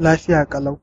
Lafiya ƙalau.